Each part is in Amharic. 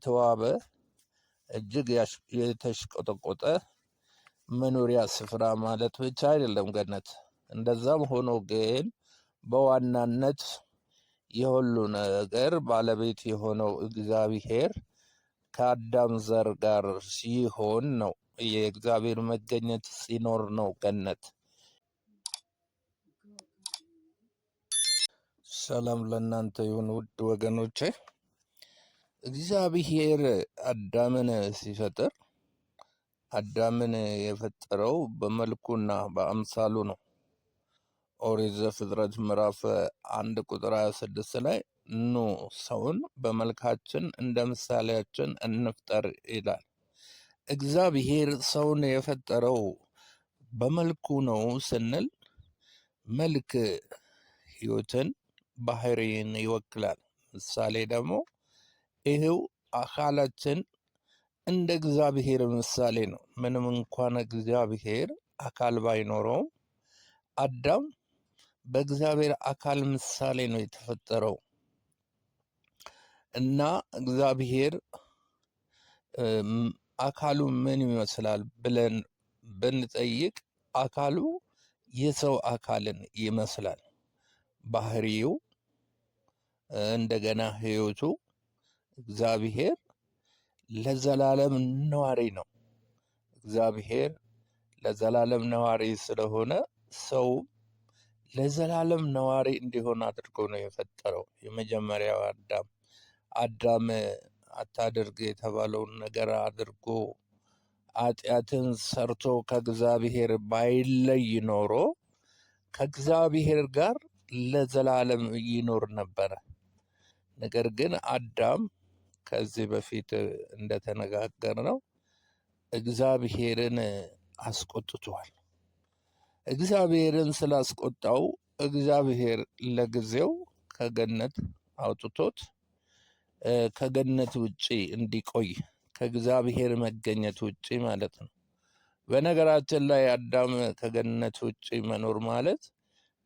የተዋበ እጅግ የተሽቆጠቆጠ መኖሪያ ስፍራ ማለት ብቻ አይደለም ገነት። እንደዛም ሆኖ ግን በዋናነት የሁሉ ነገር ባለቤት የሆነው እግዚአብሔር ከአዳም ዘር ጋር ሲሆን ነው። የእግዚአብሔር መገኘት ሲኖር ነው ገነት። ሰላም ለእናንተ ይሁን ውድ ወገኖቼ። እግዚአብሔር አዳምን ሲፈጥር አዳምን የፈጠረው በመልኩና በአምሳሉ ነው። ኦሪት ዘፍጥረት ምዕራፍ አንድ ቁጥር 26 ላይ ኑ ሰውን በመልካችን እንደ ምሳሌያችን እንፍጠር ይላል። እግዚአብሔር ሰውን የፈጠረው በመልኩ ነው ስንል መልክ ሕይወትን፣ ባህሪን ይወክላል። ምሳሌ ደግሞ ይሄው አካላችን እንደ እግዚአብሔር ምሳሌ ነው። ምንም እንኳን እግዚአብሔር አካል ባይኖረውም አዳም በእግዚአብሔር አካል ምሳሌ ነው የተፈጠረው እና እግዚአብሔር አካሉ ምን ይመስላል ብለን ብንጠይቅ አካሉ የሰው አካልን ይመስላል። ባህሪው እንደገና ህይወቱ እግዚአብሔር ለዘላለም ነዋሪ ነው። እግዚአብሔር ለዘላለም ነዋሪ ስለሆነ ሰው ለዘላለም ነዋሪ እንዲሆን አድርጎ ነው የፈጠረው። የመጀመሪያው አዳም አዳም አታድርግ የተባለውን ነገር አድርጎ ኃጢአትን ሰርቶ ከእግዚአብሔር ባይለይ ኖሮ ከእግዚአብሔር ጋር ለዘላለም ይኖር ነበረ። ነገር ግን አዳም ከዚህ በፊት ነው እግዚአብሔርን አስቆጥቷል። እግዚአብሔርን ስላስቆጣው እግዚአብሔር ለጊዜው ከገነት አውጥቶት ከገነት ውጪ እንዲቆይ ከእግዚአብሔር መገኘት ውጪ ማለት ነው። በነገራችን ላይ አዳም ከገነት ውጪ መኖር ማለት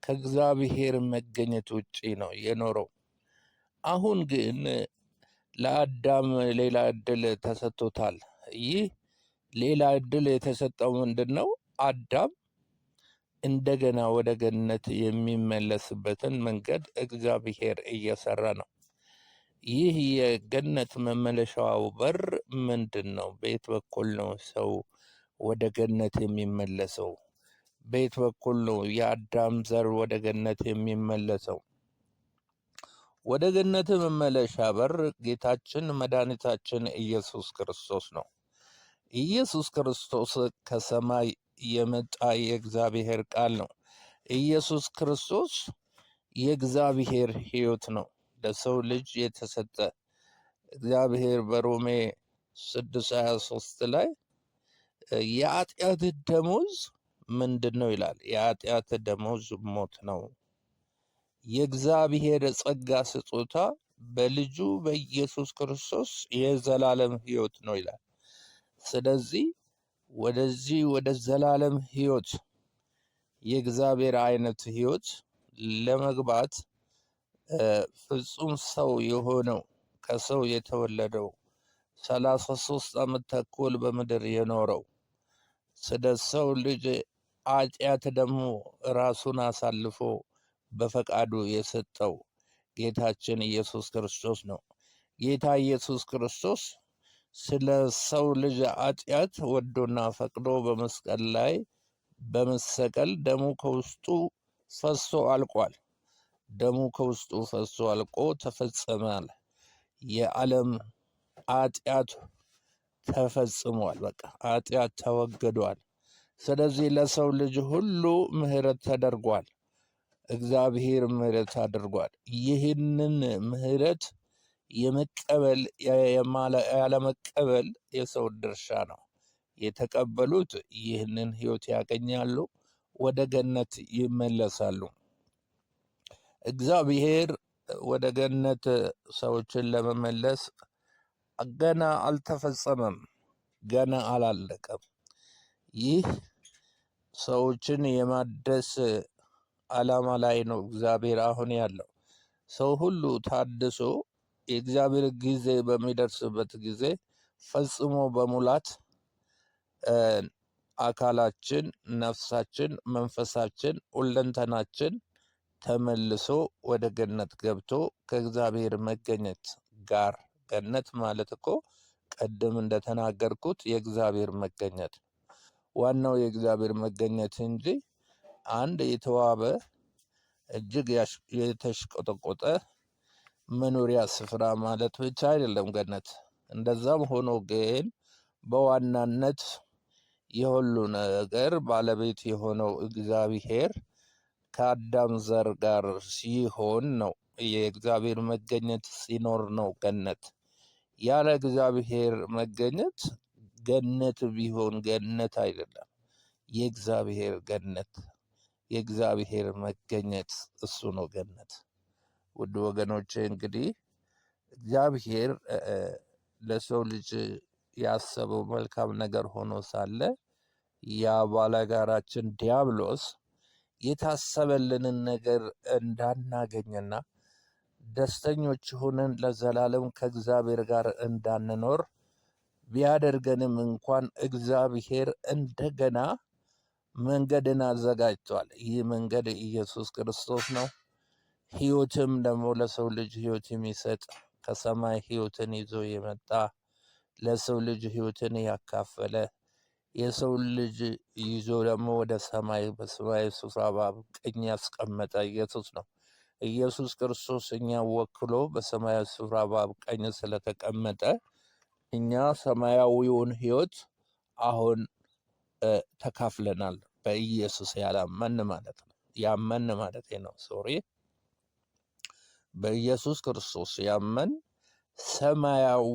ከእግዚአብሔር መገኘት ውጪ ነው የኖረው። አሁን ግን ለአዳም ሌላ እድል ተሰጥቶታል። ይህ ሌላ እድል የተሰጠው ምንድን ነው? አዳም እንደገና ወደ ገነት የሚመለስበትን መንገድ እግዚአብሔር እየሰራ ነው። ይህ የገነት መመለሻው በር ምንድን ነው? በየት በኩል ነው ሰው ወደ ገነት የሚመለሰው? በየት በኩል ነው የአዳም ዘር ወደ ገነት የሚመለሰው? ወደ ገነት መመለሻ በር ጌታችን መድኃኒታችን ኢየሱስ ክርስቶስ ነው። ኢየሱስ ክርስቶስ ከሰማይ የመጣ የእግዚአብሔር ቃል ነው። ኢየሱስ ክርስቶስ የእግዚአብሔር ሕይወት ነው ለሰው ልጅ የተሰጠ እግዚአብሔር በሮሜ 623 ላይ የኃጢአት ደሞዝ ምንድን ነው ይላል። የኃጢአት ደሞዝ ሞት ነው የእግዚአብሔር ጸጋ ስጦታ በልጁ በኢየሱስ ክርስቶስ የዘላለም ሕይወት ነው ይላል። ስለዚህ ወደዚህ ወደ ዘላለም ሕይወት የእግዚአብሔር አይነት ሕይወት ለመግባት ፍጹም ሰው የሆነው ከሰው የተወለደው ሰላሳ ሶስት ዓመት ተኩል በምድር የኖረው ስለ ሰው ልጅ አጢአት ደግሞ ራሱን አሳልፎ በፈቃዱ የሰጠው ጌታችን ኢየሱስ ክርስቶስ ነው። ጌታ ኢየሱስ ክርስቶስ ስለ ሰው ልጅ ኃጢአት ወዶና ፈቅዶ በመስቀል ላይ በመሰቀል ደሙ ከውስጡ ፈሶ አልቋል። ደሙ ከውስጡ ፈሶ አልቆ ተፈጸማል። የዓለም ኃጢአት ተፈጽሟል። በቃ ኃጢአት ተወግዷል። ስለዚህ ለሰው ልጅ ሁሉ ምሕረት ተደርጓል። እግዚአብሔር ምሕረት አድርጓል። ይህንን ምሕረት የመቀበል ያለመቀበል የሰው ድርሻ ነው። የተቀበሉት ይህንን ሕይወት ያገኛሉ፣ ወደ ገነት ይመለሳሉ። እግዚአብሔር ወደ ገነት ሰዎችን ለመመለስ ገና አልተፈጸመም፣ ገና አላለቀም። ይህ ሰዎችን የማደስ ዓላማ ላይ ነው እግዚአብሔር አሁን ያለው። ሰው ሁሉ ታድሶ የእግዚአብሔር ጊዜ በሚደርስበት ጊዜ ፈጽሞ በሙላት አካላችን፣ ነፍሳችን፣ መንፈሳችን፣ ሁለንተናችን ተመልሶ ወደ ገነት ገብቶ ከእግዚአብሔር መገኘት ጋር ገነት ማለት እኮ ቀደም እንደተናገርኩት የእግዚአብሔር መገኘት ዋናው የእግዚአብሔር መገኘት እንጂ አንድ የተዋበ እጅግ የተሽቆጠቆጠ መኖሪያ ስፍራ ማለት ብቻ አይደለም ገነት። እንደዛም ሆኖ ግን በዋናነት የሁሉ ነገር ባለቤት የሆነው እግዚአብሔር ከአዳም ዘር ጋር ሲሆን ነው። የእግዚአብሔር መገኘት ሲኖር ነው ገነት። ያለ እግዚአብሔር መገኘት ገነት ቢሆን ገነት አይደለም፣ የእግዚአብሔር ገነት የእግዚአብሔር መገኘት እሱ ነው ገነት። ውድ ወገኖቼ እንግዲህ እግዚአብሔር ለሰው ልጅ ያሰበው መልካም ነገር ሆኖ ሳለ ያ ዲያብሎስ የታሰበልንን ነገር እንዳናገኝና ደስተኞች ሆነን ለዘላለም ከእግዚአብሔር ጋር እንዳንኖር ቢያደርገንም እንኳን እግዚአብሔር እንደገና መንገድን አዘጋጅቷል። ይህ መንገድ ኢየሱስ ክርስቶስ ነው። ሕይወትም ደግሞ ለሰው ልጅ ሕይወት የሚሰጥ ከሰማይ ሕይወትን ይዞ የመጣ ለሰው ልጅ ሕይወትን ያካፈለ የሰው ልጅ ይዞ ደግሞ ወደ ሰማይ በሰማይ ስፍራ በአብ ቀኝ ያስቀመጠ ኢየሱስ ነው። ኢየሱስ ክርስቶስ እኛ ወክሎ በሰማያዊ ስፍራ በአብ ቀኝ ስለተቀመጠ እኛ ሰማያዊውን ሕይወት አሁን ተካፍለናል። በኢየሱስ ያላመን ማለት ነው፣ ያመን ማለት ነው። ሶሪ በኢየሱስ ክርስቶስ ያመን ሰማያዊ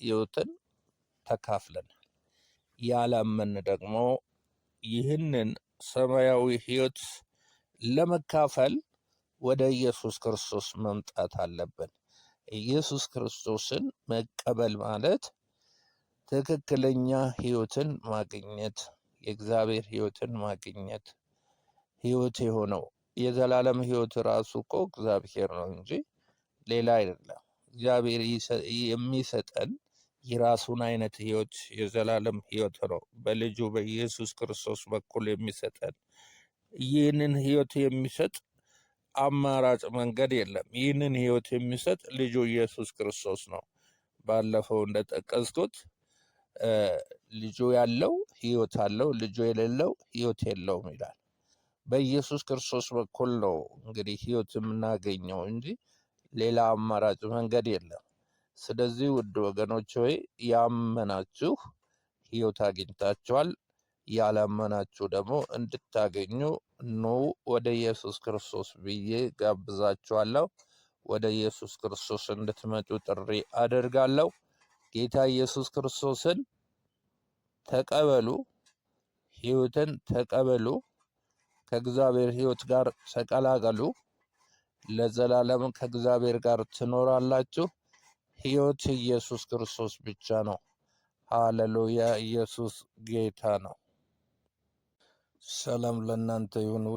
ህይወትን ተካፍለናል። ያላመን ደግሞ ይህንን ሰማያዊ ህይወት ለመካፈል ወደ ኢየሱስ ክርስቶስ መምጣት አለብን። ኢየሱስ ክርስቶስን መቀበል ማለት ትክክለኛ ህይወትን ማግኘት የእግዚአብሔር ህይወትን ማግኘት ህይወት የሆነው የዘላለም ህይወት ራሱ እኮ እግዚአብሔር ነው እንጂ ሌላ አይደለም። እግዚአብሔር የሚሰጠን የራሱን አይነት ህይወት የዘላለም ህይወት ነው በልጁ በኢየሱስ ክርስቶስ በኩል የሚሰጠን። ይህንን ህይወት የሚሰጥ አማራጭ መንገድ የለም። ይህንን ህይወት የሚሰጥ ልጁ ኢየሱስ ክርስቶስ ነው። ባለፈው እንደጠቀስኩት ልጁ ያለው ህይወት አለው፣ ልጁ የሌለው ህይወት የለውም ይላል። በኢየሱስ ክርስቶስ በኩል ነው እንግዲህ ህይወት የምናገኘው እንጂ ሌላ አማራጭ መንገድ የለም። ስለዚህ ውድ ወገኖች ሆይ ያመናችሁ ህይወት አግኝታችኋል፣ ያላመናችሁ ደግሞ እንድታገኙ ኑ ወደ ኢየሱስ ክርስቶስ ብዬ ጋብዛችኋለሁ። ወደ ኢየሱስ ክርስቶስ እንድትመጡ ጥሪ አደርጋለሁ። ጌታ ኢየሱስ ክርስቶስን ተቀበሉ፣ ህይወትን ተቀበሉ፣ ከእግዚአብሔር ህይወት ጋር ተቀላቀሉ። ለዘላለም ከእግዚአብሔር ጋር ትኖራላችሁ። ህይወት ኢየሱስ ክርስቶስ ብቻ ነው። ሃሌሉያ! ኢየሱስ ጌታ ነው። ሰላም ለእናንተ ይሁን።